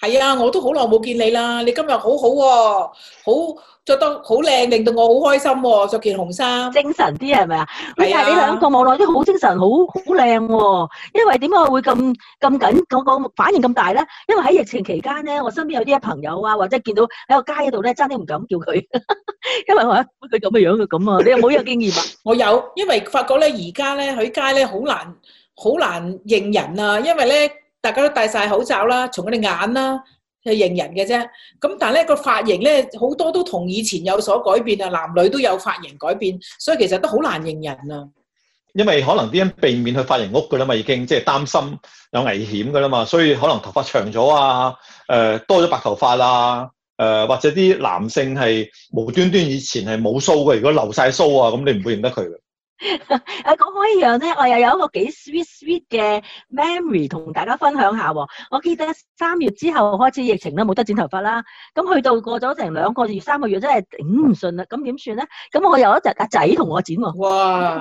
係啊，我都好耐冇見你啦！你今日好好、哦、喎，好着得好靚，令到我好開心喎、哦，着件紅衫，精神啲係咪啊？睇下你兩個望落都好精神，好好靚喎。因為點解我會咁咁緊咁反應咁大咧？因為喺疫情期間咧，我身邊有啲朋友啊，或者見到喺個街度咧，真係唔敢叫佢， 因為佢咁嘅樣嘅咁啊！你有冇啲經驗啊？ 我有，因為發覺咧而家咧喺街咧好難好難認人啊，因為咧。大家都戴晒口罩啦，從佢哋眼啦，去認人嘅啫。咁但係咧，個髮型咧好多都同以前有所改變啊，男女都有髮型改變，所以其實都好難認人啊。因為可能啲人避免去髮型屋噶啦嘛，已經即係擔心有危險噶啦嘛，所以可能頭髮長咗啊，誒、呃、多咗白頭髮啊，誒、呃、或者啲男性係無端端以前係冇鬚嘅，如果留晒鬚啊，咁你唔會認得佢。誒，講開呢樣咧，我又有一個幾 sweet sweet 嘅 memory 同大家分享下。我記得三月之後開始疫情啦，冇得剪頭髮啦。咁去到過咗成兩個月，三個月，真係頂唔順啦。咁點算咧？咁我有一日阿仔同我剪喎。哇！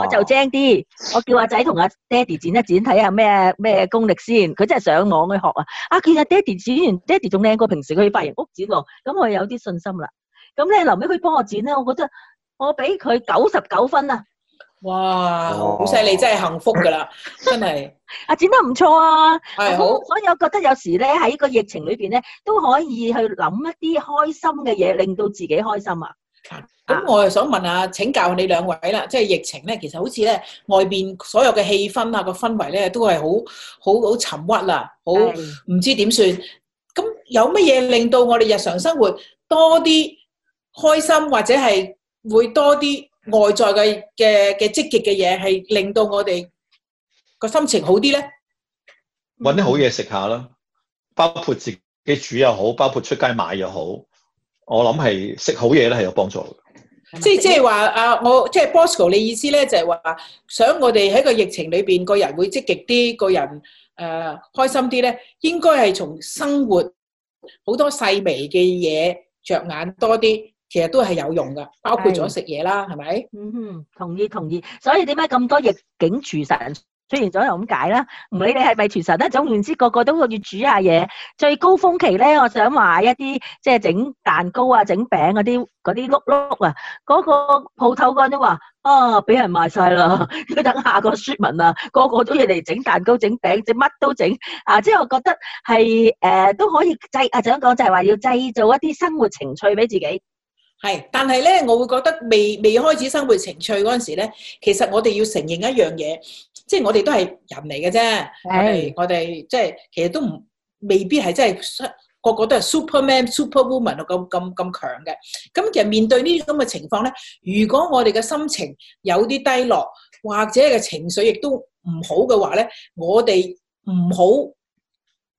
我就精啲，我叫阿仔同阿爹哋剪一剪，睇下咩咩功力先。佢真係上網去學啊。啊，其實爹哋剪完，爹哋仲靚過平時佢去髮型屋剪喎。咁我有啲信心啦。咁咧，留俾佢幫我剪咧，我覺得我俾佢九十九分啊。哇，好犀利，真係幸福噶啦，真係。啊，剪得唔錯啊，係好。所以我覺得有時咧，喺呢個疫情裏邊咧，都可以去諗一啲開心嘅嘢，令到自己開心啊。咁我又想問下，啊，請教你兩位啦，即係疫情咧，其實好似咧外邊所有嘅氣氛啊，個氛圍咧都係好好好沉鬱啦，好唔知點算。咁有乜嘢令到我哋日常生活多啲開心，或者係會多啲？外在嘅嘅嘅積極嘅嘢係令到我哋個心情好啲咧，搵啲好嘢食下啦，包括自己煮又好，包括出街買又好，我諗係食好嘢咧係有幫助嘅，係咪？即係即係話啊，我即係 Bosco，你意思咧就係、是、話想我哋喺個疫情裏邊個人會積極啲，個人誒、呃、開心啲咧，應該係從生活好多細微嘅嘢着眼多啲。其實都係有用噶，包括咗食嘢啦，係咪？嗯哼，同意同意。所以點解咁多逆境廚神出現咗，又咁解啦？唔理你係咪廚神啦，總言之，個個都要煮下嘢。最高峰期咧，我想買一啲即係整蛋糕啊、整餅嗰啲嗰啲碌碌啊。嗰個鋪頭嗰啲話啊，俾人賣晒啦，要等下個 shipment 啊，個個都要嚟整蛋糕、整餅，整乜都整。啊，即係我覺得係誒、呃、都可以製啊，就想講就係話要製造一啲生活情趣俾自己。係，但係咧，我會覺得未未開始生活情趣嗰陣時咧，其實我哋要承認一樣嘢，即係我哋都係人嚟嘅啫。係，我哋即係其實都唔未必係真係個個都係 superman、superwoman 咁咁咁強嘅。咁其實面對呢啲咁嘅情況咧，如果我哋嘅心情有啲低落，或者嘅情緒亦都唔好嘅話咧，我哋唔好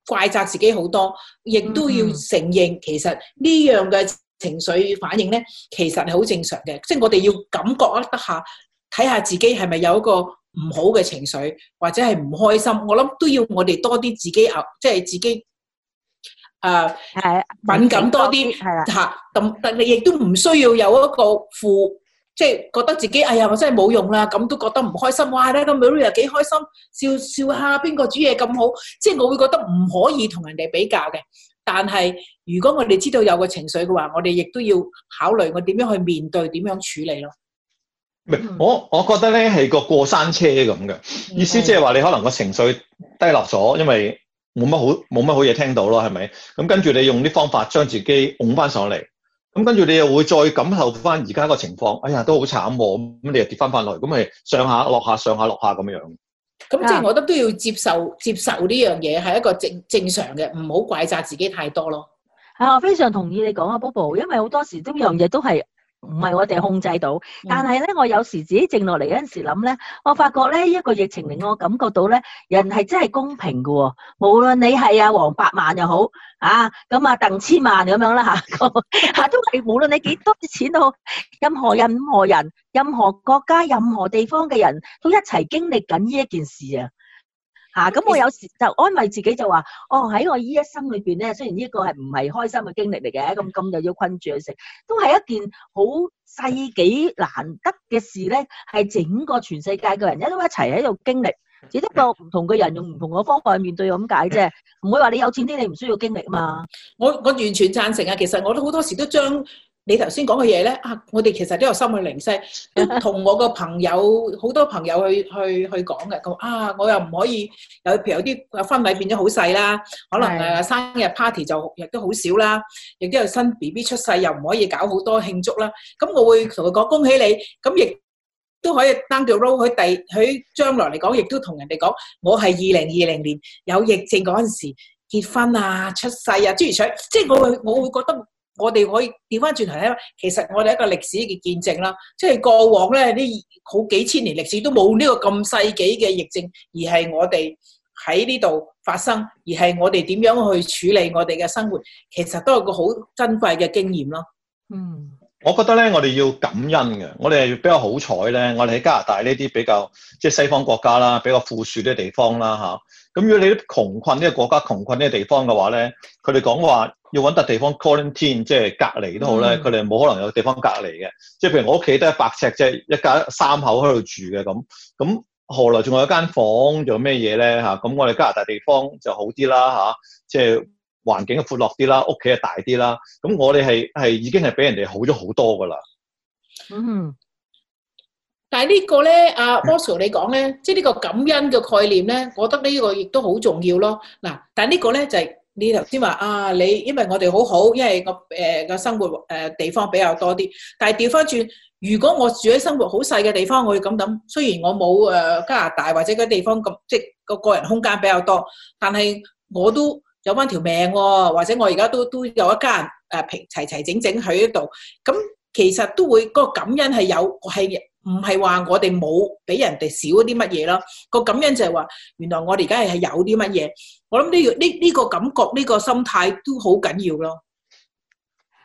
怪責自己好多，亦都要承認、嗯、其實呢樣嘅。情緒反應咧，其實係好正常嘅，即係我哋要感覺一得下，睇下自己係咪有一個唔好嘅情緒，或者係唔開心。我諗都要我哋多啲自己啊，即係自己誒，敏感多啲吓。咁但你亦都唔需要有一個負，即係覺得自己哎呀，我真係冇用啦，咁都覺得唔開心。哇呢，咁 Maria 幾開心，笑笑下，邊個煮嘢咁好？即係我會覺得唔可以同人哋比較嘅。但係，如果我哋知道有個情緒嘅話，我哋亦都要考慮我點樣去面對、點樣處理咯。唔，我我覺得咧係個過山車咁嘅、嗯、意思，即係話你可能個情緒低落咗，因為冇乜好冇乜好嘢聽到咯，係咪？咁跟住你用啲方法將自己拱翻上嚟，咁跟住你又會再感受翻而家個情況。哎呀，都好慘喎、啊！咁你又跌翻翻落嚟，咁咪上下落下，下、上下落下咁樣。咁、嗯、即係我覺得都要接受接受呢樣嘢係一個正正常嘅，唔好怪責自己太多咯。係啊，我非常同意你講啊，Bobo，因為好多時呢樣嘢都係。唔係我哋控制到，但係咧，我有時自己靜落嚟嗰陣時諗咧，我發覺咧，呢一個疫情令我感覺到咧，人係真係公平嘅喎。無論你係啊黃百萬又好啊，咁啊鄧千萬咁樣啦嚇，嚇都係無論你幾多錢都好，任何任何人、任何國家、任何地方嘅人都一齊經歷緊呢一件事啊！咁、啊、我有時就安慰自己就話，哦，喺我依一生裏邊咧，雖然呢個係唔係開心嘅經歷嚟嘅，咁咁又要困住去食，都係一件好世紀難得嘅事咧，係整個全世界嘅人一都一齊喺度經歷，只不過唔同嘅人用唔同嘅方法去面對咁解啫，唔會話你有錢啲，你唔需要經歷啊嘛。我我完全贊成啊，其實我都好多時都將。你頭先講嘅嘢咧，啊！我哋其實都有心去靈犀，同 我個朋友好多朋友去去去講嘅。佢啊，我又唔可以，又譬如有啲婚禮變咗好細啦，可能誒、啊、生日 party 就亦都好少啦，亦都有新 B B 出世又唔可以搞好多慶祝啦。咁我會同佢講恭喜你，咁亦都可以 download 佢第佢將來嚟講，亦都同人哋講我係二零二零年有疫症嗰陣時候結婚啊、出世啊，諸如此類，即係我會我會覺得。我哋可以調翻轉頭咧，其實我哋一個歷史嘅見證啦，即係過往咧呢好幾千年歷史都冇呢個咁世紀嘅疫症，而係我哋喺呢度發生，而係我哋點樣去處理我哋嘅生活，其實都有個好珍貴嘅經驗咯。嗯，我覺得咧，我哋要感恩嘅，我哋係比較好彩咧，我哋喺加拿大呢啲比較即係西方國家啦，比較富庶啲地方啦嚇。咁、啊、如果你窮困呢個國家、窮困呢個地方嘅話咧，佢哋講話。要揾笪地方 quarantine 即係隔離都好咧，佢哋冇可能有地方隔離嘅。即係譬如我屋企都一百尺，即啫，一家三口喺度住嘅咁，咁何來仲有一間房仲有咩嘢咧？嚇、啊，咁我哋加拿大地方就好啲啦，嚇、啊，即、就、係、是、環境就寬落啲啦，屋企啊大啲啦。咁我哋係係已經係比人哋好咗好多㗎喇。嗯，但係呢個咧，阿、啊、Mosco 你講咧，即係呢個感恩嘅概念咧，我覺得呢個亦都好重要咯。嗱、就是，但係呢個咧就係。你頭先話啊，你因為我哋好好，因為個誒個生活誒、呃、地方比較多啲。但係調翻轉，如果我住喺生活好細嘅地方，我要咁諗。雖然我冇誒、呃、加拿大或者嗰地方咁，即係個個人空間比較多，但係我都有翻條命喎、哦。或者我而家都都有一家人誒齊齊整整喺度咁。嗯其實都會嗰個感恩係有，係唔係話我哋冇俾人哋少啲乜嘢咯？個感恩就係話，原來我哋而家係有啲乜嘢。我諗呢個呢呢個感覺，呢個心態都好緊要咯。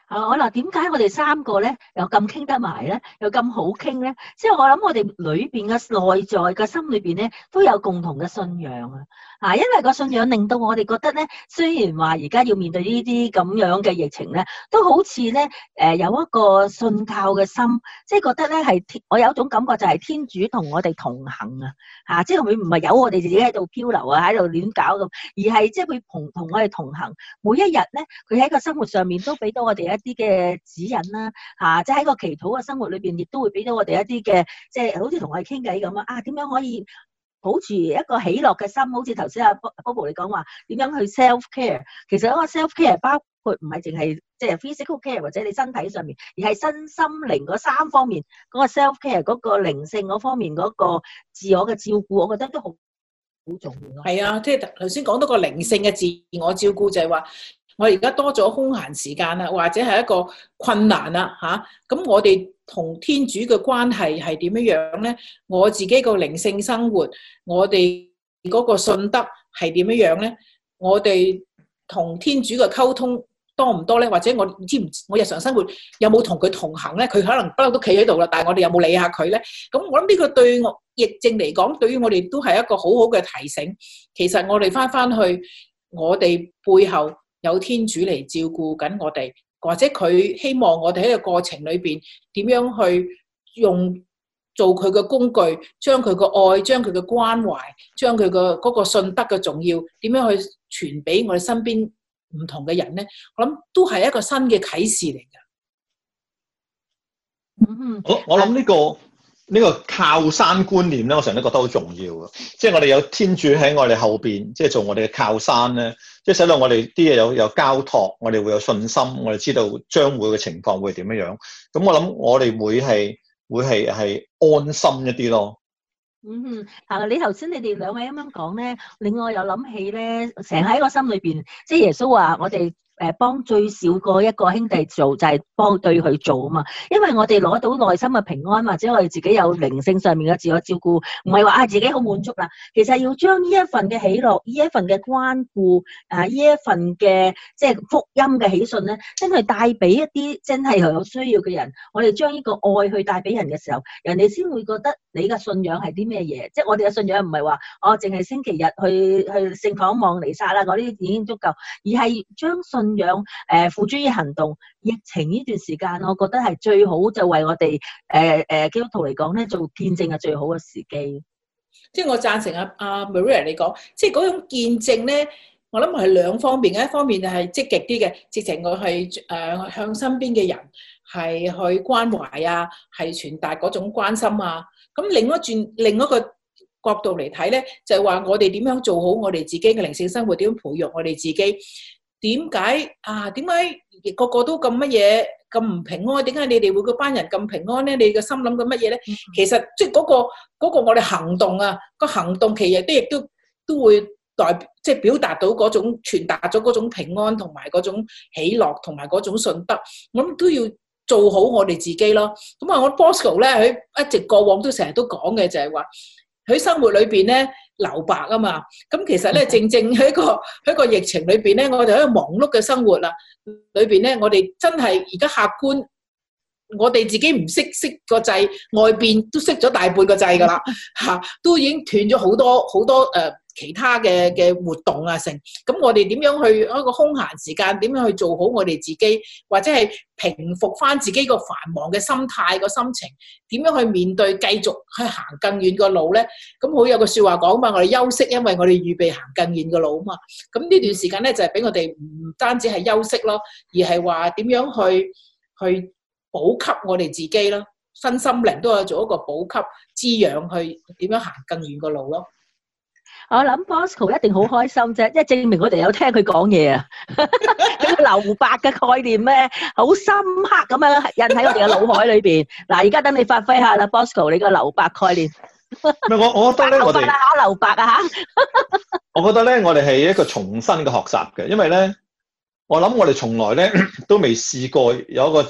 啊，好嗱，點解我哋三個咧又咁傾得埋咧，又咁好傾咧？即係我諗我哋裏邊嘅內在嘅心裏邊咧，都有共同嘅信仰啊！啊，因為個信仰令到我哋覺得咧，雖然話而家要面對呢啲咁樣嘅疫情咧，都好似咧誒有一個信教嘅心，即係覺得咧係我有一種感覺就係天主同我哋同行啊，吓，即係佢唔係由我哋自己喺度漂流啊，喺度亂搞咁，而係即係佢同同我哋同行。每一日咧，佢喺個生活上面都俾到我哋一啲嘅指引啦，吓，即係喺個祈禱嘅生活裏邊，亦都會俾到我哋一啲嘅，即係好似同我哋傾偈咁啊，點樣可以？抱住一個喜樂嘅心，好似頭先阿 Bobo 你講話點樣去 self care，其實個 self care 包括唔係淨係即係 physical care 或者你身體上面，而係身心靈嗰三方面嗰個 self care 嗰個靈性嗰方面嗰個自我嘅照顧，我覺得都好好重要咯。係啊，即係頭先講到個靈性嘅自我照顧就係話。我而家多咗空閒時間，或者係一個困難啊，咁我哋同天主嘅關係係點樣樣咧？我自己個靈性生活，我哋嗰個信德係點樣樣咧？我哋同天主嘅溝通多唔多咧？或者我知唔知我日常生活有冇同佢同行咧？佢可能不嬲都企喺度啦，但係我哋有冇理下佢咧？咁我諗呢個對我疫症嚟講，對於我哋都係一個好好嘅提醒。其實我哋翻翻去我哋背後。有天主嚟照顧緊我哋，或者佢希望我哋喺個過程裏邊點樣去用做佢嘅工具，將佢嘅愛、將佢嘅關懷、將佢嘅嗰個信德嘅重要，點樣去傳俾我哋身邊唔同嘅人咧？我諗都係一個新嘅啟示嚟嘅。嗯哼，我我諗呢個。呢、這個靠山觀念咧，我成日都覺得好重要嘅。即係我哋有天主喺我哋後邊，即係做我哋嘅靠山咧，即係使到我哋啲嘢有有交託，我哋會有信心，我哋知道將會嘅情況會點樣樣。咁我諗我哋會係會係係安心一啲咯。嗯哼，啊、嗯！你頭先你哋兩位啱啱講咧，令我又諗起咧，成日喺我心裏邊，即係耶穌話我哋。誒幫最少一個兄弟做就係幫對佢做啊嘛，因為我哋攞到內心嘅平安，或者我哋自己有靈性上面嘅自我照顧，唔係話啊自己好滿足啦。其實要將呢一份嘅喜樂，呢一份嘅關顧，啊呢一份嘅即係福音嘅喜訊咧，真係帶俾一啲真係有需要嘅人。我哋將呢個愛去帶俾人嘅時候，人哋先會覺得你嘅信仰係啲咩嘢。即係我哋嘅信仰唔係話我淨係星期日去去聖堂望彌撒啦嗰啲已經足夠，而係將信。咁樣，誒、呃、付諸於行動。疫情呢段時間，我覺得係最好就為我哋誒誒基督徒嚟講咧，做見證係最好嘅時機。即係我贊成阿、啊、阿、啊、Maria 你講，即係嗰種見證咧，我諗係兩方面嘅。一方面就係積極啲嘅，直情我係誒向身邊嘅人係去關懷啊，係傳達嗰種關心啊。咁另一轉另一個角度嚟睇咧，就係、是、話我哋點樣做好我哋自己嘅靈性生活，點樣培育我哋自己。點解啊？點解個個都咁乜嘢咁唔平安？點解你哋會嗰班人咁平安咧？你嘅心諗緊乜嘢咧？其實即係嗰個嗰個我哋行動啊，個行動其實都亦都都會代即係表達到嗰種傳達咗嗰種平安同埋嗰種喜樂同埋嗰種信德，我諗都要做好我哋自己咯。咁啊，我 Bosco 咧，佢一直過往都成日都講嘅就係話，喺生活裏邊咧。留白啊嘛，咁其實咧正正喺個喺個疫情裏邊咧，我哋喺個忙碌嘅生活啦，裏邊咧我哋真係而家客觀，我哋自己唔識識個掣，外邊都識咗大半個掣㗎喇，吓都已經斷咗好多好多誒。呃其他嘅嘅活動啊，成咁我哋點樣去一個空閒時間？點樣去做好我哋自己，或者係平復翻自己個繁忙嘅心態、個心情？點樣去面對繼續去行更遠個路咧？咁好有個説話講嘛，我哋休，休息，因為我哋預備行更遠嘅路嘛。咁呢段時間咧就係俾我哋唔單止係休息咯，而係話點樣去去補給我哋自己咯，身心靈都有做一個補給、滋養，去點樣行更遠個路咯。我諗 Bosco 一定好開心啫，即係證明我哋有聽佢講嘢啊。呢個留白嘅概念咧，好深刻咁樣印喺我哋嘅腦海裏邊。嗱，而家等你發揮下啦，Bosco，你個留白概念。咪我，我覺得咧，我哋考留白啊。我覺得咧，我哋係一個重新嘅學習嘅，因為咧，我諗我哋從來咧都未試過有一個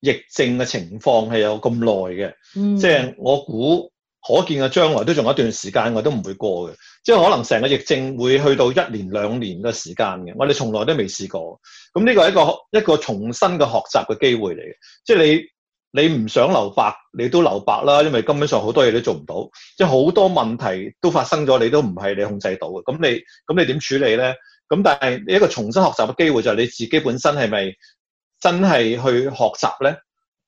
疫症嘅情況係有咁耐嘅，即係我估。可見嘅將來都仲有一段時間，我都唔會過嘅，即係可能成個疫症會去到一年兩年嘅時間嘅。我哋從來都未試過，咁呢個係一個一個重新嘅學習嘅機會嚟嘅，即係你你唔想留白，你都留白啦，因為根本上好多嘢都做唔到，即係好多問題都發生咗，你都唔係你控制到嘅。咁你咁你點處理咧？咁但係一個重新學習嘅機會就係你自己本身係咪真係去學習咧？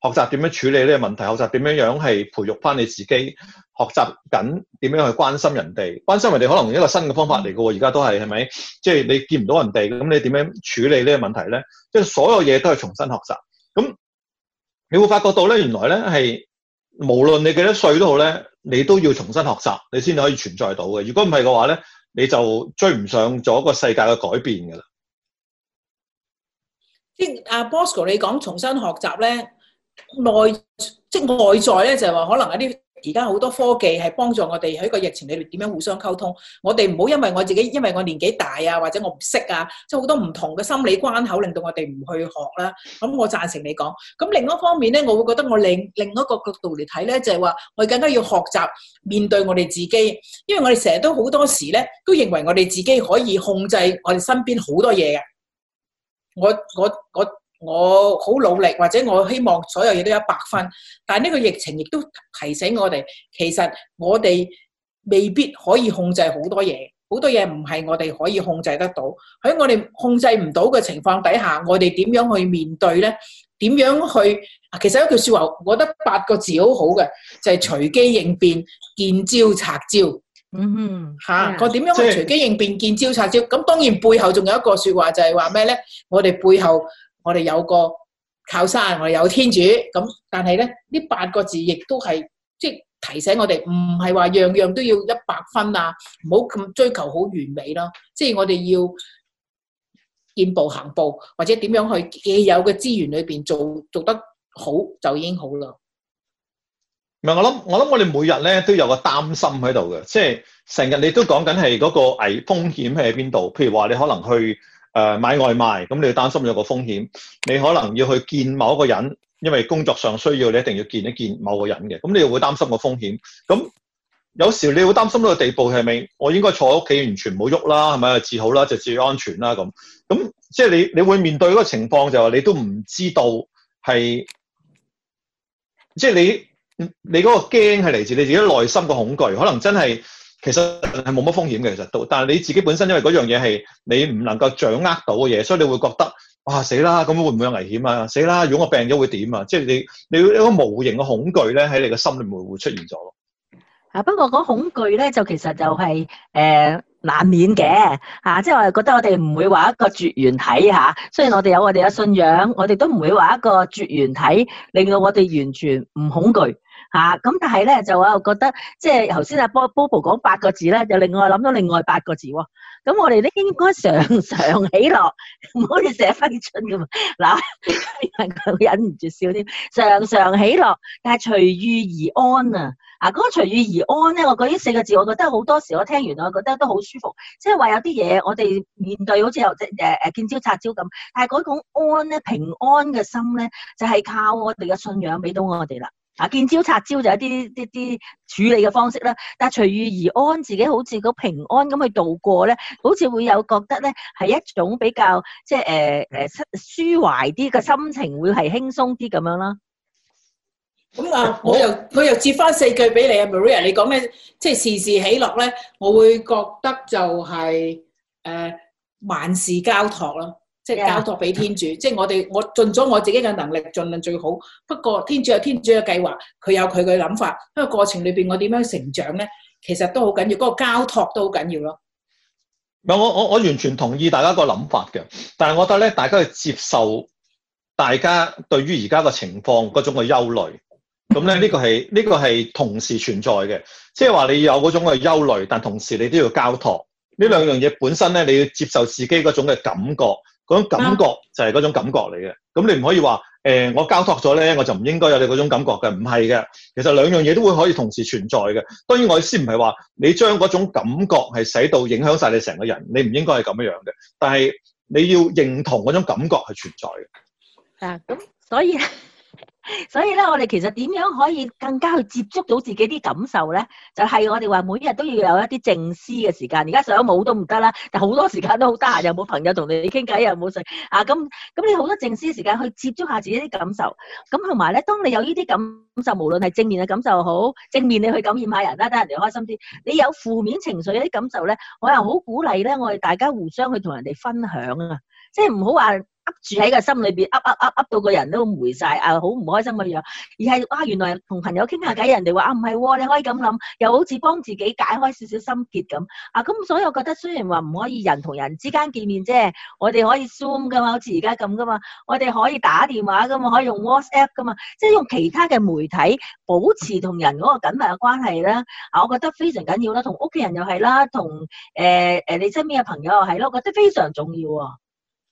學習點樣處理呢個問題，學習點樣樣係培育翻你自己，學習緊點樣去關心人哋，關心人哋可能用一個新嘅方法嚟嘅。而家都係係咪？即係、就是、你見唔到人哋，咁你點樣處理呢個問題咧？即、就、係、是、所有嘢都係重新學習。咁你會發覺到咧，原來咧係無論你幾多歲都好咧，你都要重新學習，你先可以存在到嘅。如果唔係嘅話咧，你就追唔上咗個世界嘅改變噶啦。即、啊、阿 Bosco，你講重新學習咧？內即係外在咧，就係話可能一啲而家好多科技係幫助我哋喺個疫情裏面點樣互相溝通。我哋唔好因為我自己，因為我年紀大啊，或者我唔識啊，即係好多唔同嘅心理關口，令到我哋唔去學啦。咁我贊成你講。咁另一方面咧，我會覺得我另另一個角度嚟睇咧，就係話我更加要學習面對我哋自己，因為我哋成日都好多時咧都認為我哋自己可以控制我哋身邊好多嘢嘅。我我我。我我好努力，或者我希望所有嘢都一百分。但係呢個疫情亦都提醒我哋，其實我哋未必可以控制好多嘢，好多嘢唔係我哋可以控制得到。喺我哋控制唔到嘅情況底下，我哋點樣去面對咧？點樣去？其實一句說話，我覺得八個字好好嘅，就係隨機應變、見招拆招。嗯哼，吓，我點樣去隨機應變、見招拆招？咁、yeah. 當然背後仲有一個說話，就係話咩咧？我哋背後。我哋有個靠山，我哋有天主。咁但係咧，呢八個字亦都係即係提醒我哋，唔係話樣樣都要一百分啊，唔好咁追求好完美咯。即係我哋要見步行步，或者點樣去既有嘅資源裏邊做，做得好就已經好啦。唔係我諗，我諗我哋每日咧都有個擔心喺度嘅，即係成日你都講緊係嗰個危風險係喺邊度？譬如話你可能去。誒、呃，買外賣，咁你擔心有個風險，你可能要去見某一個人，因為工作上需要，你一定要見一見某一個人嘅，咁你又會擔心個風險。咁有時候你會擔心到個地步，係咪我應該坐喺屋企，完全冇喐啦，係咪啊？治好啦，就注意安全啦咁。咁即係你你會面對嗰個情況，就話、是、你都唔知道係，即、就、係、是、你你嗰個驚係嚟自你自己內心個恐懼，可能真係。其實係冇乜風險嘅，其實都，但係你自己本身因為嗰樣嘢，係你唔能夠掌握到嘅嘢，所以你會覺得哇，死啦，咁會唔會有危險啊？死啦，如果我病咗會點啊？即係你，你有個無形嘅恐懼咧喺你嘅心裏面會出現咗咯。啊，不過嗰恐懼咧就其實就係誒難免嘅吓，即係我係覺得我哋唔會話一個絕緣體吓，雖然我哋有我哋嘅信仰，我哋都唔會話一個絕緣體令到我哋完全唔恐懼。吓、啊、咁，但係咧就我又覺得，即係頭先阿 Bobo 講八個字咧，就另外諗到另外八個字喎。咁我哋咧應該常常喜樂，唔好似寫揮春咁。嗱，佢忍唔住笑添，常常喜樂，但係隨遇而安啊！啊，嗰、那個隨遇而安咧，我嗰呢四個字，我覺得好多時候我聽完，我覺得都好舒服。即係話有啲嘢我哋面對好像，好似有即誒誒見招拆招咁。但係嗰種安咧，平安嘅心咧，就係、是、靠我哋嘅信仰俾到我哋啦。啊，見招拆招就一啲啲啲處理嘅方式啦。但係隨遇而安，自己好似個平安咁去度過咧，好似會有覺得咧係一種比較即係誒誒舒舒懷啲嘅心情，會係輕鬆啲咁樣啦。咁、嗯、啊，我又我又接翻四句俾你啊，Maria，你講咩？即係時時喜樂咧，我會覺得就係、是、誒、呃、萬事交託啦。即、就、係、是、交託俾天主，即、就、係、是、我哋我盡咗我自己嘅能力，盡量最好。不過天主有天主嘅計劃，佢有佢嘅諗法。因為過程裏邊我點樣成長咧，其實都好緊要，嗰個交託都好緊要咯。唔，我我我完全同意大家個諗法嘅，但係我覺得咧，大家要接受大家對於而家個情況嗰種嘅憂慮。咁咧呢個係呢個係同時存在嘅，即係話你有嗰種嘅憂慮，但同時你都要交託呢兩樣嘢本身咧，你要接受自己嗰種嘅感覺。嗰種感覺就係嗰種感覺嚟嘅，咁你唔可以話誒、欸、我交託咗咧，我就唔應該有你嗰種感覺嘅，唔係嘅，其實兩樣嘢都會可以同時存在嘅。當然我先唔係話你將嗰種感覺係使到影響晒你成個人，你唔應該係咁樣嘅，但係你要認同嗰種感覺係存在嘅。啊咁所以、啊。所以咧，我哋其實點樣可以更加去接觸到自己啲感受咧？就係、是、我哋話，每一日都要有一啲靜思嘅時間。而家上舞都唔得啦，但好多時間都好得閒，又冇朋友同你傾偈，又冇食啊！咁咁，你好多靜思時間去接觸下自己啲感受。咁同埋咧，當你有呢啲感受，無論係正面嘅感受好，正面你去感染下人啦，等人哋開心啲。你有負面情緒啲感受咧，我又好鼓勵咧，我哋大家互相去同人哋分享啊，即係唔好話。住喺個心裏邊，噏噏噏噏到個人都霉晒啊，好唔開心嘅樣。而係哇、啊，原來同朋友傾下偈，人哋話啊唔係，你可以咁諗，又好似幫自己解開少少心結咁啊。咁、啊、所以我覺得雖然話唔可以人同人之間見面啫，我哋可以 Zoom 噶嘛，好似而家咁噶嘛，我哋可以打電話噶嘛，可以用 WhatsApp 噶嘛，即係用其他嘅媒體保持同人嗰個緊密嘅關係啦。啊，我覺得非常緊要啦，同屋企人又係啦，同誒誒你身邊嘅朋友又係咯，我覺得非常重要啊。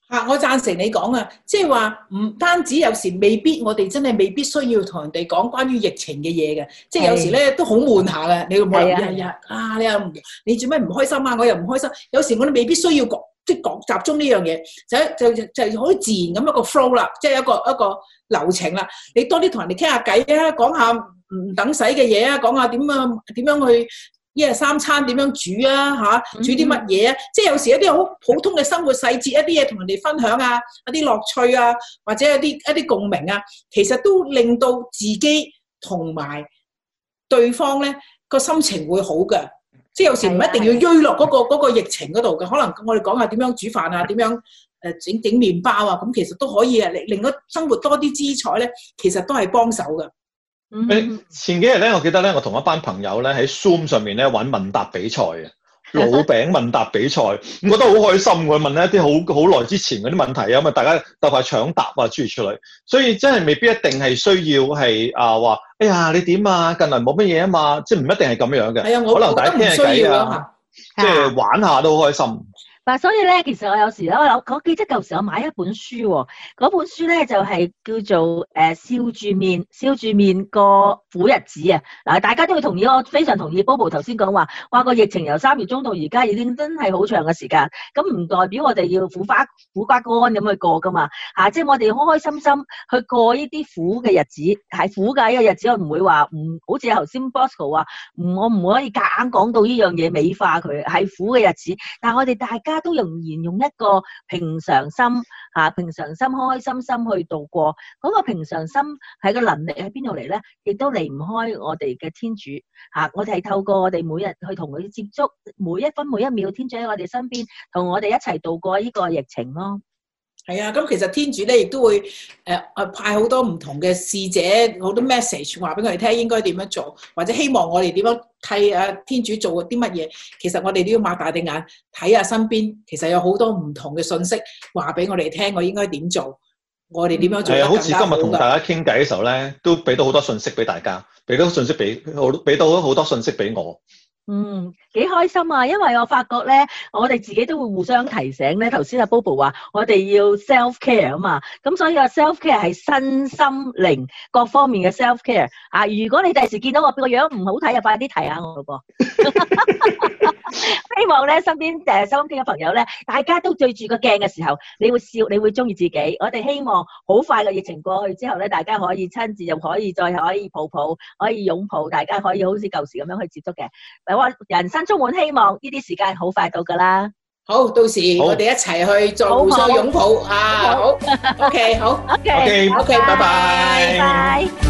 啊！我贊成你講啊，即係話唔單止有時未必，我哋真係未必需要同人哋講關於疫情嘅嘢嘅，即係有時咧都好悶下嘅。你每日日啊，你又你做咩唔開心啊？我又唔開心。有時我都未必需要講，即係講集中呢樣嘢，就就就可以自然咁一個 flow 啦，即係一個一個，一個流程啦。你多啲同人哋傾下偈啊，講下唔等使嘅嘢啊，講下點啊點樣去。一日三餐點樣煮啊？嚇，煮啲乜嘢？即係有時一啲好普通嘅生活細節，一啲嘢同人哋分享啊，一啲樂趣啊，或者一啲一啲共鳴啊，其實都令到自己同埋對方咧個心情會好嘅。即係有時唔一定要郁落嗰、嗰個嗰個疫情嗰度嘅，可能我哋講下點樣煮飯啊，點樣誒整整麵包啊，咁其實都可以啊，令令到生活多啲姿彩咧，其實都係幫手嘅。Mm -hmm. 前幾日咧，我記得咧，我同一班朋友咧喺 Zoom 上面咧搵問答比賽嘅老餅問答比賽， 覺得好開心，佢問一啲好好耐之前嗰啲問題啊，咁啊大家鬥快搶答啊，諸如此類，所以真係未必一定係需要係啊話，哎呀你點啊，近嚟冇乜嘢啊嘛，即係唔一定係咁樣嘅，可能大家傾下偈啊，即係玩下都好開心。嗱，所以咧，其實我有時咧，我記得舊時我買一本書喎，嗰本書咧就係叫做誒笑住面，笑住面過苦日子啊！嗱，大家都會同意，我非常同意。BoBo 頭先講話，話個疫情由三月中到而家已經真係好長嘅時間，咁唔代表我哋要苦瓜苦瓜乾咁去過噶嘛？嚇，即係我哋開開心心去過呢啲苦嘅日子係苦㗎，呢個日子我唔會話唔，好似頭先 Bosco 話，唔，我唔可以夾硬講到呢樣嘢美化佢係苦嘅日子，但係我哋大家。都仍然用一個平常心，吓，平常心開開心心去度過。咁、嗰個平常心喺個能力喺邊度嚟咧？亦都離唔開我哋嘅天主，吓，我哋係透過我哋每日去同佢接觸，每一分每一秒天主喺我哋身邊，同我哋一齊度過呢個疫情咯。係啊，咁其實天主咧亦都會誒誒派好多唔同嘅使者，好多 message 話俾我哋聽應該點樣做，或者希望我哋點樣替誒天主做啲乜嘢。其實我哋都要擘大隻眼睇下身邊，其實有好多唔同嘅信息話俾我哋聽，我應該點做，我哋點樣做。係啊，好似今日同大家傾偈嘅時候咧，都俾到好多信息俾大家，俾到信息俾好，俾到好多信息俾我。嗯，幾開心啊！因為我發覺咧，我哋自己都會互相提醒咧。頭先阿 Bobo 話我哋要 self care 啊嘛，咁所以個 self care 係身心靈各方面嘅 self care 啊。如果你第時見到我個樣唔好睇啊，就快啲提下我個。 希望咧身邊誒收音機嘅朋友咧，大家都對住個鏡嘅時候，你會笑，你會中意自己。我哋希望好快嘅疫情過去之後咧，大家可以親自又可以再可以抱抱，可以擁抱，大家可以好似舊時咁樣去接觸嘅。我人生充滿希望，呢啲時間好快到噶啦。好，到時我哋一齊去做再互相擁抱啊！好，OK，好，OK，OK，拜拜。